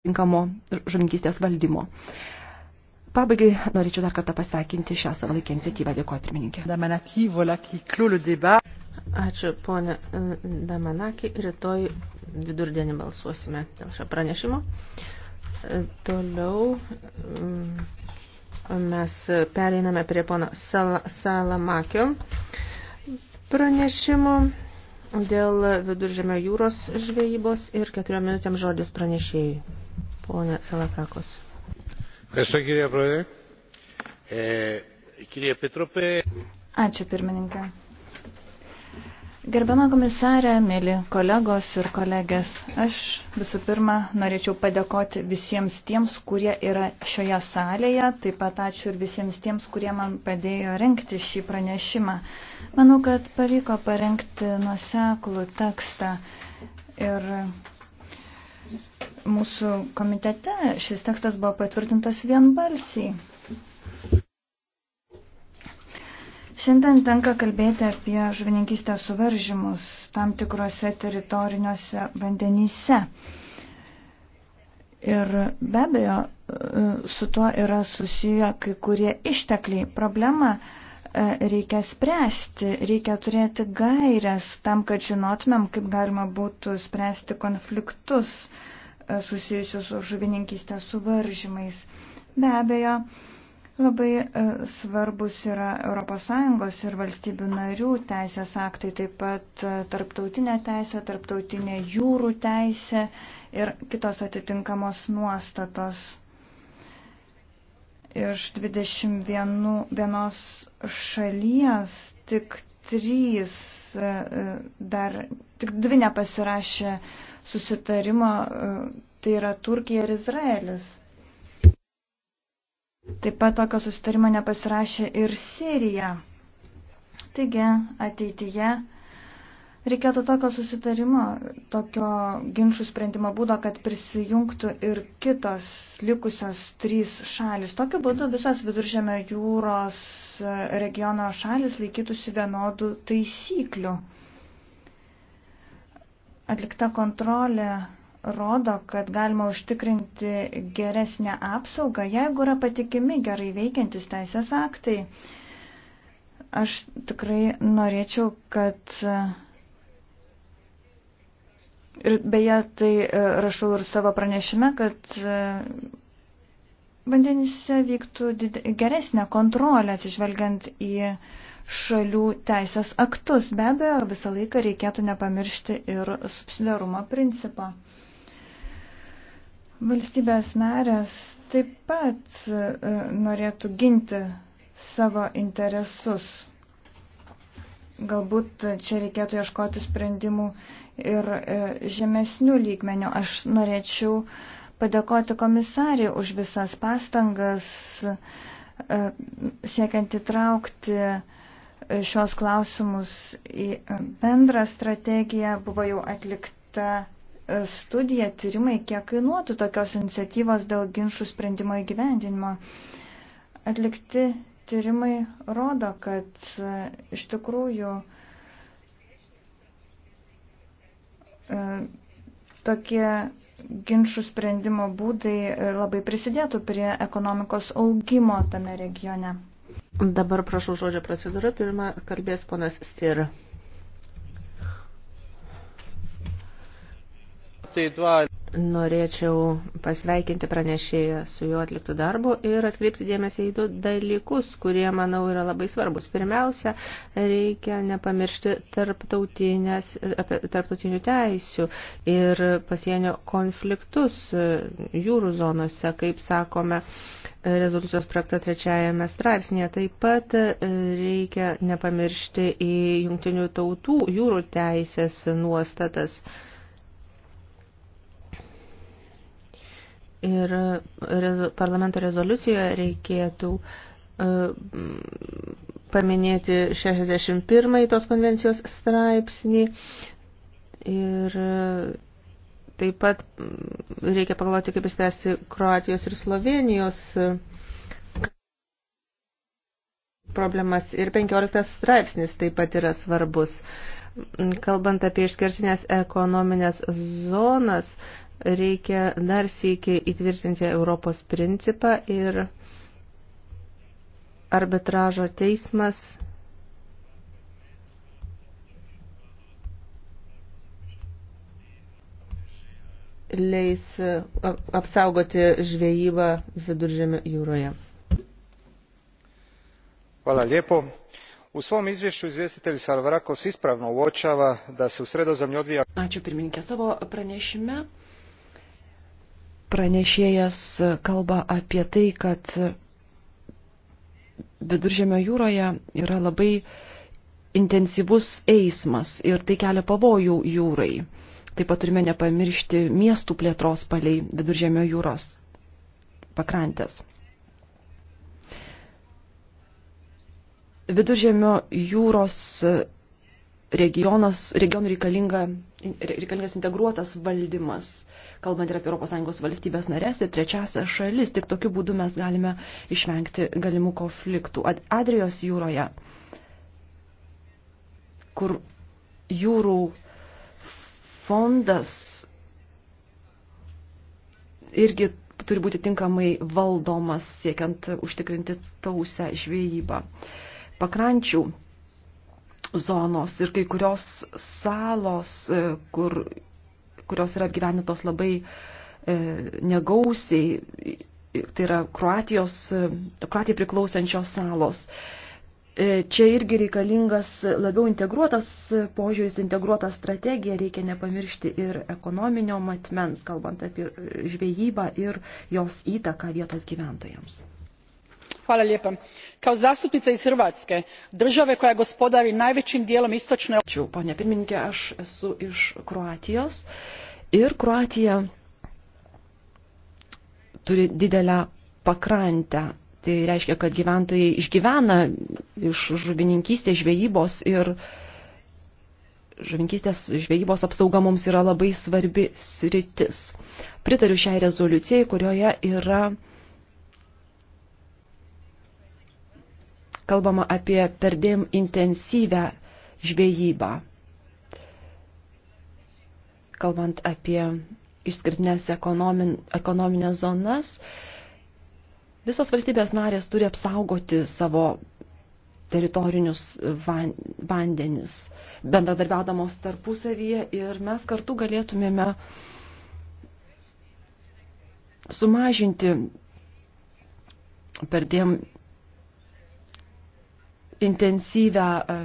tinkamo žuvininkystės valdymo. Pabaigai norėčiau dar kartą pasveikinti šią savalaikę iniciatyvą. Dėkuoju, pirmininkė. Ačiū, ponė e, Damanaki. Rytoj vidurdienį balsuosime dėl šio pranešimo. E, toliau mm, mes pereiname prie pono Sal Salamakio pranešimo dėl viduržėmio jūros žvejybos ir keturiom minutėm žodis pranešėjui. Pone Salafrakos. Ačiū pirmininkė. Gerbiama komisarė, mėly kolegos ir kolegės, aš visų pirma norėčiau padėkoti visiems tiems, kurie yra šioje salėje, taip pat ačiū ir visiems tiems, kurie man padėjo renkti šį pranešimą. Manau, kad pavyko parengti nuoseklų tekstą ir Mūsų komitete šis tekstas buvo patvirtintas vienbalsiai. Šiandien tenka kalbėti apie žuvininkystės suvaržymus tam tikrose teritoriniuose vandenyse. Ir be abejo, su tuo yra susiję kai kurie ištekliai. Problema e, reikia spręsti, reikia turėti gairias tam, kad žinotumėm, kaip galima būtų spręsti konfliktus susijusių su žuvininkystės suvaržymais. Be abejo, labai e, svarbus yra ES ir valstybių narių teisės aktai, taip pat e, tarptautinė teisė, tarptautinė jūrų teisė ir kitos atitinkamos nuostatos iš 21 šalies tik trys e, e, dar, tik dvi nepasirašė susitarimo, e, tai yra Turkija ir Izraelis. Taip pat tokio susitarimo nepasirašė ir Sirija. Taigi ateityje Reikėtų tokio susitarimo, tokio ginčių sprendimo būdo, kad prisijungtų ir kitos likusios trys šalis. Tokiu būdu visos viduržėmio jūros regiono šalis laikytųsi vienodų taisyklių. Atlikta kontrolė rodo, kad galima užtikrinti geresnę apsaugą, jeigu yra patikimi gerai veikiantis teisės aktai. Aš tikrai norėčiau, kad Ir beje, tai e, rašau ir savo pranešime, kad e, vandenyse vyktų geresnė kontrolė atsižvelgiant į šalių teisės aktus. Be abejo, visą laiką reikėtų nepamiršti ir subsidiarumo principą. Valstybės narės taip pat e, norėtų ginti savo interesus Galbūt čia reikėtų ieškoti sprendimų ir e, žemesnių lygmenių. Aš norėčiau padėkoti komisarį už visas pastangas e, siekiant įtraukti e, šios klausimus į bendrą strategiją. Buvo jau atlikta studija, tyrimai, kiek kainuotų tokios iniciatyvos dėl ginčių sprendimo įgyvendinimo. Atlikti tyrimai rodo, kad e, iš tikrųjų e, tokie ginčių sprendimo būdai e, labai prisidėtų prie ekonomikos augimo tame regione. Dabar prašau žodžio procedūrą. Pirmą kalbės ponas Stir. Tai Norėčiau pasveikinti pranešėją su juo atliktų darbu ir atkreipti dėmesį į du dalykus, kurie, manau, yra labai svarbus. Pirmiausia, reikia nepamiršti tarptautinių teisių ir pasienio konfliktus jūrų zonose, kaip sakome, rezoliucijos projekto trečiajame straipsnėje. Taip pat reikia nepamiršti į jungtinių tautų jūrų teisės nuostatas. ir parlamento rezoliucijoje reikėtų e, paminėti 61 tos konvencijos straipsnį ir e, taip pat reikia pagalvoti, kaip išspręsti Kroatijos ir Slovenijos e, problemas ir 15 straipsnis taip pat yra svarbus. Kalbant apie išskirtinės ekonominės zonas, reikia dar sėkiai įtvirtinti Europos principą ir arbitražo teismas leis apsaugoti žvejybą viduržėmio jūroje. Hvala lijepo. U svom izvješću izvjestitelj Salvarakos ispravno uočava da se u sredozemlju odvija... Ačiū pirmininkė savo pranešime pranešėjas kalba apie tai, kad viduržėmio jūroje yra labai intensyvus eismas ir tai kelia pavojų jūrai. Taip pat turime nepamiršti miestų plėtros paliai viduržėmio jūros pakrantės. Viduržėmio jūros regionas, regionų reikalinga, reikalingas integruotas valdymas, kalbant ir apie ES valstybės narės ir trečiasias šalis. Tik tokiu būdu mes galime išvengti galimų konfliktų. Adrijos jūroje, kur jūrų fondas irgi turi būti tinkamai valdomas, siekiant užtikrinti tausią žvėjybą. Pakrančių zonos ir kai kurios salos, e, kur, kurios yra apgyvenintos labai e, negausiai, tai yra Kroatijos, e, Kroatijai priklausančios salos. E, čia irgi reikalingas labiau integruotas požiūris, integruota strategija, reikia nepamiršti ir ekonominio matmens, kalbant apie žvejybą ir jos įtaką vietos gyventojams gospodine predsjedniče kao zastupnica iz hrvatske države koja gospodari najvećim dijelom istočne. ačiū pone pirmininke aš esu iš kroatijos ir kroatija turi didelę pakrantę tai reiškia kad gyventojai išgyvena iš žuvininkystės žvejybos ir žuvininkystės žvejybos apsauga mums yra labai svarbi sritis. Pritariu šiai rezoliucijai, kurioje yra kalbama apie perdėm intensyvę žvejybą. Kalbant apie išskirtinės ekonomin, ekonominės zonas, visos valstybės narės turi apsaugoti savo teritorinius van, vandenis, bendradarbiaudamos tarpusavyje ir mes kartu galėtumėme sumažinti perdėm intensyvę e,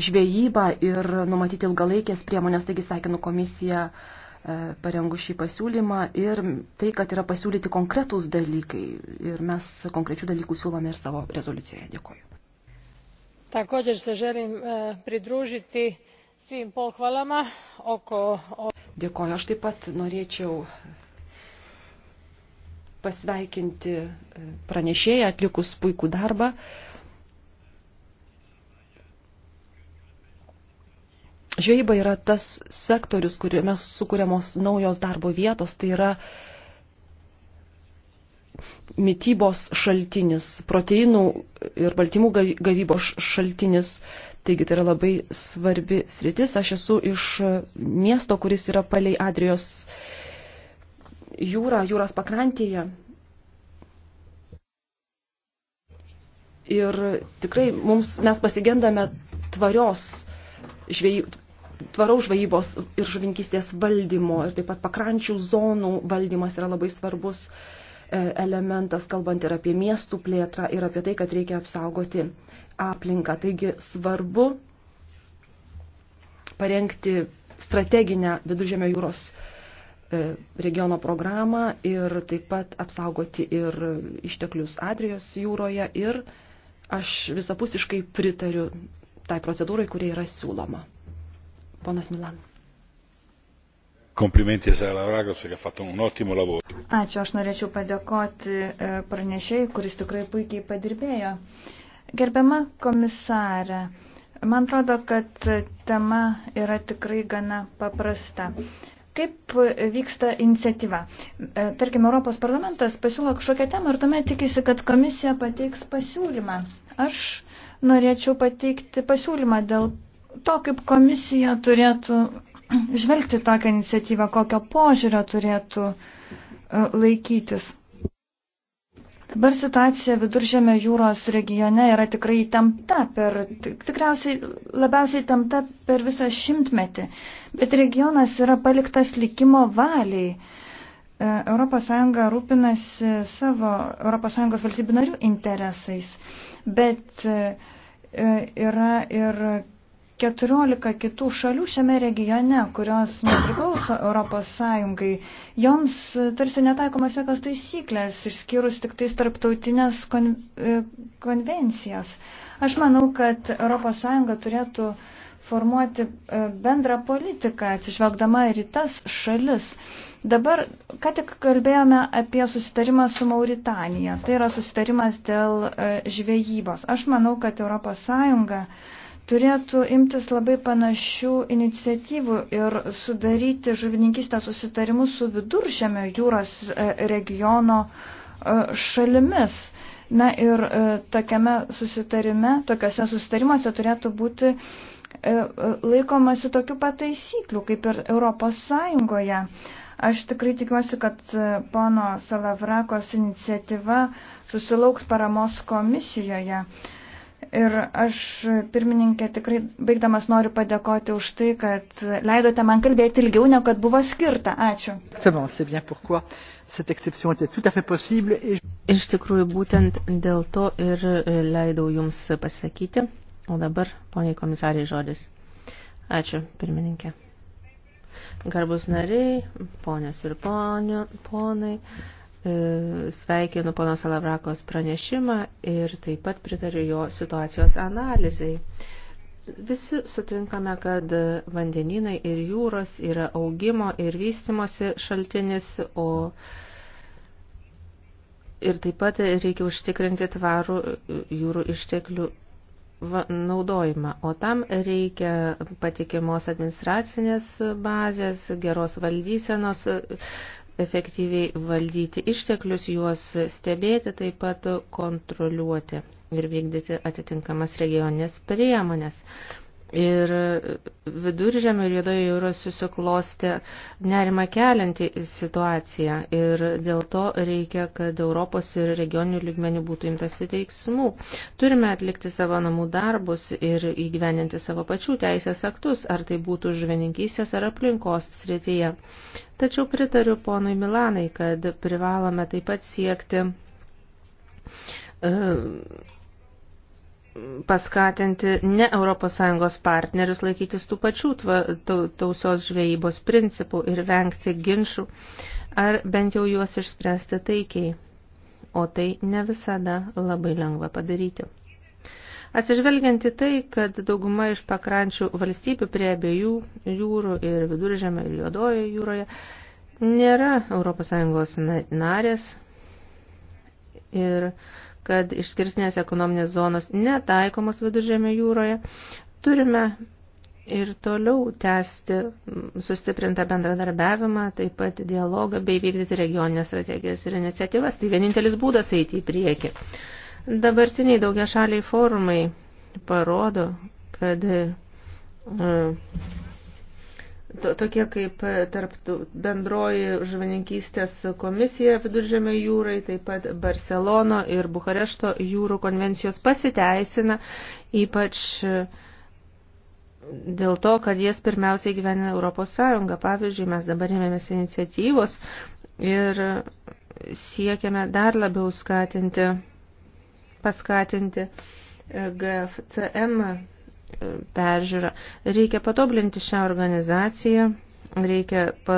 žvejybą ir numatyti ilgalaikės priemonės, taigi sveikinu komisiją e, parengu šį pasiūlymą ir tai, kad yra pasiūlyti konkretūs dalykai ir mes konkrečių dalykų siūlome ir savo rezoliucijoje. Dėkuoju. Također se želim e, pridružiti svim pohvalama oko... Dėkuoju, aš taip pat norėčiau pasveikinti pranešėją atlikus puikų darbą. žvejyba yra tas sektorius, kuriuo sukūriamos naujos darbo vietos, tai yra mytybos šaltinis, proteinų ir baltymų gavybos šaltinis. Taigi tai yra labai svarbi sritis. Aš esu iš miesto, kuris yra palei Adrijos jūrą, jūros pakrantėje. Ir tikrai mums, mes pasigendame tvarios žvejų, tvaraus žvejybos ir žuvinkystės valdymo ir taip pat pakrančių zonų valdymas yra labai svarbus e, elementas, kalbant ir apie miestų plėtrą ir apie tai, kad reikia apsaugoti aplinką. Taigi svarbu parengti strateginę viduržėmio jūros e, regiono programą ir taip pat apsaugoti ir išteklius Adrijos jūroje ir aš visapusiškai pritariu tai procedūrai, kurie yra siūloma. Ponas Milan. Komplimenti Salavagos, kad fatto un ottimo lavoro. Ačiū, aš norėčiau padėkoti e, pranešėjai, kuris tikrai puikiai padirbėjo. Gerbiama komisarė, man atrodo, kad tema yra tikrai gana paprasta kaip vyksta iniciatyva. E, Tarkime, Europos parlamentas pasiūlo kažkokią temą ir tuomet tikisi, kad komisija pateiks pasiūlymą. Aš norėčiau pateikti pasiūlymą dėl to, kaip komisija turėtų žvelgti tokią iniciatyvą, kokio požiūrio turėtų e, laikytis. Dabar situacija viduržėmio jūros regione yra tikrai tamta per, tikriausiai labiausiai tamta per visą šimtmetį, bet regionas yra paliktas likimo valiai. ES rūpinasi savo ES valstybių narių interesais, bet e, e, yra ir 14 kitų šalių šiame regione, kurios nepriklauso ES. Joms tarsi netaikomas jokios taisyklės, išskyrus tik tais tarptautinės kon, e, konvencijas. Aš manau, kad ES turėtų uh, formuoti e, bendrą politiką, atsižvelgdama ir į tas šalis. Dabar, ką tik kalbėjome apie susitarimą su Mauritanija, tai yra susitarimas dėl e, žvejybos. Aš manau, kad ES turėtų imtis labai panašių iniciatyvų ir sudaryti žuvininkystę susitarimus su viduržėmio jūros e, regiono šalimis. Na ir tokiame susitarime, tokiuose susitarimuose turėtų būti uh, E, laikomasi tokių pataisyklių, kaip ir Europos Sąjungoje. Aš tikrai tikiuosi, kad e, pono Salavrakos iniciatyva susilauks paramos komisijoje. Ir aš, pirmininkė, tikrai baigdamas noriu padėkoti už tai, kad leidote man kalbėti ilgiau, negu kad buvo skirta. Ačiū. Iš tikrųjų, būtent dėl to ir e, leidau Jums pasakyti. O dabar, poniai komisariai, žodis. Ačiū, pirmininkė. Garbus nariai, ponios ir ponio, ponai, e, sveikinu pono Salavrakos pranešimą ir taip pat pritariu jo situacijos analizai. Visi sutinkame, kad vandeninai ir jūros yra augimo ir vystimosi šaltinis, o ir taip pat reikia užtikrinti tvarų jūrų išteklių naudojimą, o tam reikia patikimos administracinės bazės, geros valdysenos, efektyviai valdyti išteklius, juos stebėti, taip pat kontroliuoti ir vykdyti atitinkamas regioninės priemonės. Ir viduržėmio ir juodojo jūros susiklostė nerima kelianti situacija ir dėl to reikia, kad Europos ir regioninių lygmenių būtų imtasi veiksmų. Turime atlikti savo namų darbus ir įgyveninti savo pačių teisės aktus, ar tai būtų žveninkystės ar aplinkos srityje. Tačiau pritariu ponui Milanai, kad privalome taip pat siekti. Uh, paskatinti ne ES partnerius laikytis tų pačių tausios žvejybos principų ir vengti ginčių, ar bent jau juos išspręsti taikiai. O tai ne visada labai lengva padaryti. Atsižvelgiant į tai, kad dauguma iš pakrančių valstybių prie abiejų jūrų ir viduržėme ir juodojo jūroje nėra ES narės ir kad išskirtinės ekonominės zonos netaikomos viduržėmio jūroje, turime ir toliau tęsti sustiprintą bendradarbiavimą, taip pat dialogą bei vykdyti regioninės strategijas ir iniciatyvas. Tai vienintelis būdas eiti į priekį. Dabartiniai daugia šaliai forumai parodo, kad uh, tokie kaip tarp bendroji žuvininkystės komisija viduržėmio jūrai, taip pat Barcelono ir Bukarešto jūrų konvencijos pasiteisina, ypač e, dėl to, kad jas pirmiausiai gyvena Europos Sąjunga. Pavyzdžiui, mes dabar ėmėmės iniciatyvos ir siekiame dar labiau skatinti, paskatinti e, GFCM peržiūrą. Reikia patoblinti šią organizaciją, reikia pa,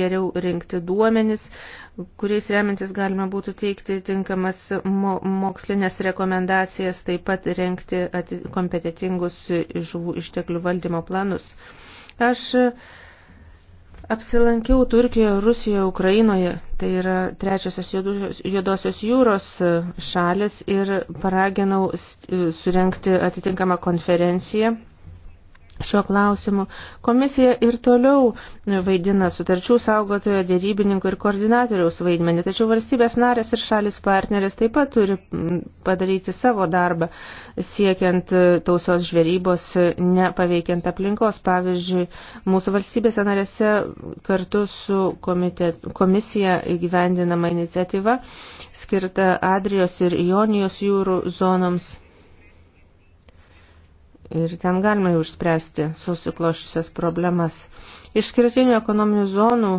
geriau rinkti duomenis, kuriais remiantis galima būtų teikti tinkamas mo, mokslinės rekomendacijas, taip pat renkti kompetitingus žuvų išteklių valdymo planus. Aš uh, Apsilankiau Turkijoje, Rusijoje, Ukrainoje, tai yra trečiosios juodosios jūros šalis ir paraginau surenkti atitinkamą konferenciją Šiuo klausimu komisija ir toliau vaidina sutarčių saugotojo dėrybininko ir koordinatoriaus vaidmenį, tačiau valstybės narės ir šalis partneris taip pat turi mm, padaryti savo darbą, siekiant e, tausios žvėrybos, e, nepaveikiant aplinkos. Pavyzdžiui, mūsų valstybėse narėse kartu su komitet, komisija įgyvendinama iniciatyva skirta Adrijos ir Jonijos jūrų zonoms ir ten galima jau išspręsti susiklošusias problemas. Išskirtinių ekonominių zonų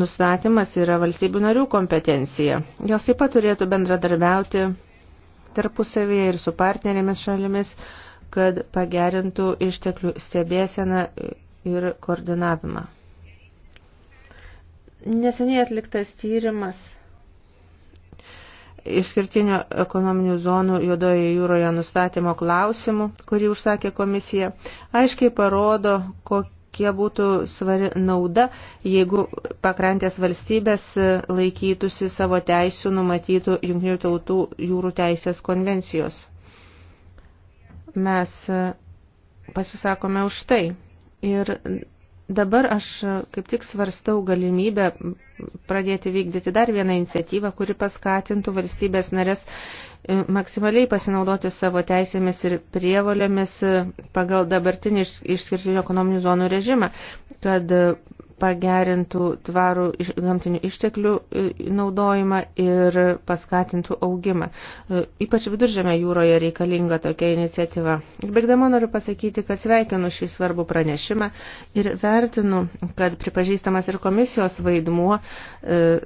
nustatymas yra valstybių narių kompetencija. Jos taip pat turėtų bendradarbiauti tarpusavėje ir su partnerėmis šalimis, kad pagerintų išteklių stebėseną ir koordinavimą. Neseniai atliktas tyrimas išskirtinio ekonominių zonų juodoje jūroje nustatymo klausimų, kurį užsakė komisija, aiškiai parodo, kokia būtų svari nauda, jeigu pakrantės valstybės laikytųsi savo teisų numatytų Junktinių tautų jūrų teisės konvencijos. Mes pasisakome už tai. Ir Dabar aš e, kaip tik svarstau galimybę pradėti vykdyti dar vieną iniciatyvą, kuri paskatintų valstybės narės e, maksimaliai pasinaudoti savo teisėmis ir prievolėmis e, pagal dabartinį išskirtinio ekonominių zonų režimą, kad pagerintų tvarų gamtinių išteklių e, naudojimą ir paskatintų augimą. E, ypač viduržėme jūroje reikalinga tokia iniciatyva. Ir baigdama noriu pasakyti, kad sveikinu šį svarbų pranešimą ir vertinu, kad pripažįstamas ir komisijos vaidmuo e,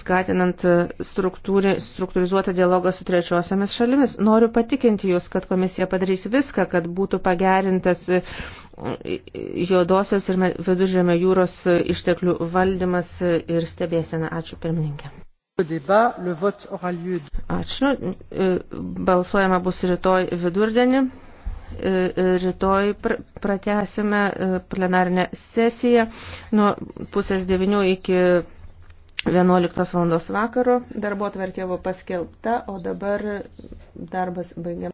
skatinant struktūri, struktūrizuotą dialogą su trečiosiamis šalimis. Noriu patikinti Jūs, kad komisija padarys viską, kad būtų pagerintas juodosios ir viduržėmio jūros išteklių valdymas ir stebėsena. Ačiū pirmininkė. Ačiū. Nu, e, balsuojama bus rytoj vidurdienį. E, e, rytoj pratęsime plenarinę sesiją nuo pusės devinių iki 11 val. vakaro. Darbo tvarkė buvo paskelbta, o dabar darbas baigiamas.